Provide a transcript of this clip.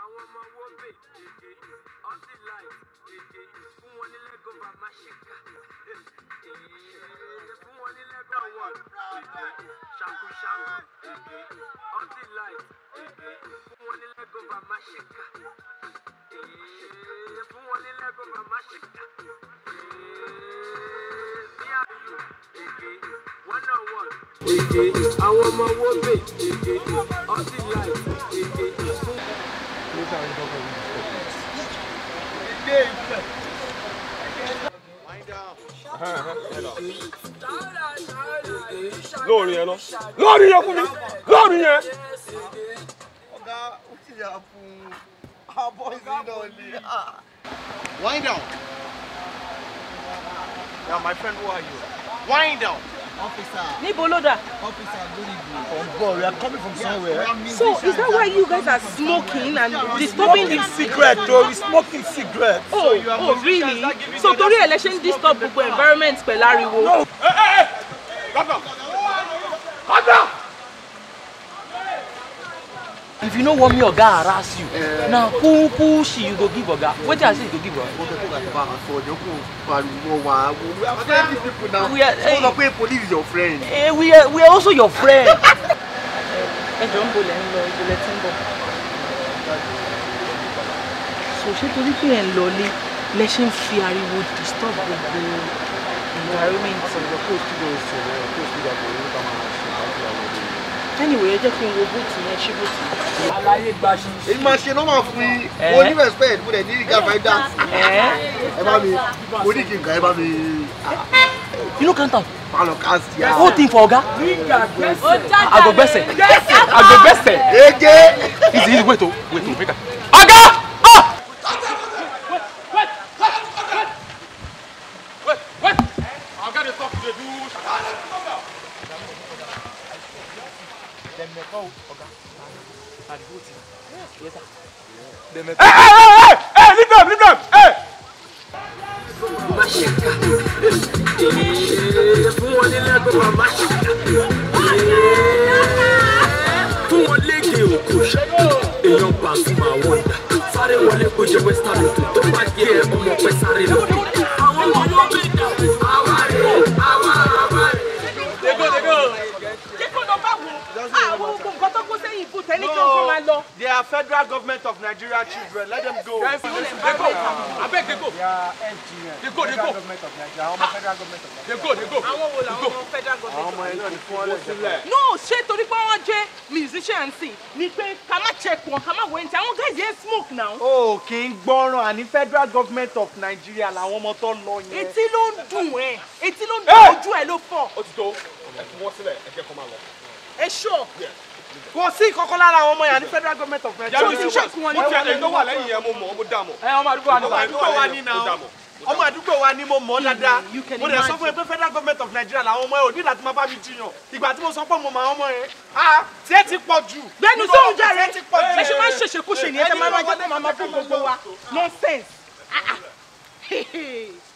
àwọn ọmọ wo bè ọtí láì fún wọn ní lẹ́gàn bàbá ṣèkà fún wọn ní lẹ́gàn wọn ṣàkúṣàkú ọtí láì fún wọn ní lẹ́gàn bàbá ṣèkà fún wọn ní lẹ́gàn bàbá ṣèkà. Àwọn ọmọ wo bè ọtí láì fún. lóòrin yẹn lọ lóòrin yẹn fún mi lóòrin yẹn. ọ̀gá ó ti yà fún abọ́ ìdílé ọ̀lẹ́. Wind down. Now, my friend, who are you? Wind down. Officer. Niboloda. Officer, good evening. Oh, we are coming from somewhere. So, is that why you guys are smoking and disturbing the cigarette? Though we smoking cigarettes? Oh, so you are oh, really? So, torí election disturb gbogbo environment pẹ̀lú ariwo. No. Hey, hey, hey. if you no want me oga harass you na poo poo she you go give oga wetin i say you go give oga. we are eh, police your friend. Eh, we, are, also your friend. ẹ jọ ń bolẹ̀ ń lọ ìbílẹ̀ tí ṣe ń fi ariwo disturb gbogbo environment anyway ẹ jẹ́ kí n wo bóòtù yẹn ṣé bóòtù. àlàyé gba ṣe. èyí máa ṣe nọ́mà fún yín mo ní respect mo dẹ̀ ní ìgbà fàídà ẹ bá mi mo ní kí n kà ẹ bá mi. Ah, you no count am. palo cast ya. whole thing for oga. agogbese agogbese. ege. easy easy wait o wait o make i. oga. Hey hey hey hey! Hey, dẹ̀mẹ̀kọ́. ẹ ẹ ẹ Hey. nígbà nígbà ẹ. má ṣe ká fún wọn nílé ẹgbẹ́ wa má ṣe ká fún wọn léde òkú èèyàn Pasuma àwọn ìdá sáré wọlé kó jẹ western tó bá jẹ ọmọ pẹ sáré lọ. lọ. they are federal government of Nigeria children let them go. they go I beg they go. they are They go. NGN federal government of Nigeria ọmọ federal government of Nigeria. they go they go. I want làwọn ọmọ federal government of Nigeria. àwọn ọmọ ẹ náà ni fún ọlẹ jẹ. no ṣé torí pé wọ́n jẹ́ musicians ni pé ká má check wọn ká má go. ní ti àwọn guys yẹn smoke now. o kì í gbọ́ràn àní federal government of Nigeria làwọn ọmọ tó lọ yẹn. etí ló ń dùn ẹ etí ló ń dùn ojú ẹ ló fọ. ó ti tó ẹ fi wọ́n sílẹ̀ ẹ jẹ́ kó máa lọ. ẹ ṣọ́ kò sí ìkọ́kọ́ lára àwọn ọmọ yà ní federal government of Nigeria. yàrá ìṣèkùn wọn wọn ní wọn lẹ́yìn yẹn mo mọ̀ ọ́ mo dà mọ̀. ẹ ọmọ àdúgbò wa ni ọmọ àdúgbò ọmọ àdúgbò wa ni mo mọ̀ dáadáa mo lè sọ fún ẹ pé federal government of Nigeria làwọn ọmọ yẹn ò ní láti máa bá mi jiyàn ìgbà tí mo sọ pé mo mọ ọmọ yẹn tiẹ̀ ti pọ̀ jù. gbẹ́nu tó ń jà rẹ ẹ ṣe máa ń ṣèṣe kó ṣe nìyẹn máa máa jẹ́ tẹ máa máa fún gbogbo wa nonsense ah, ah.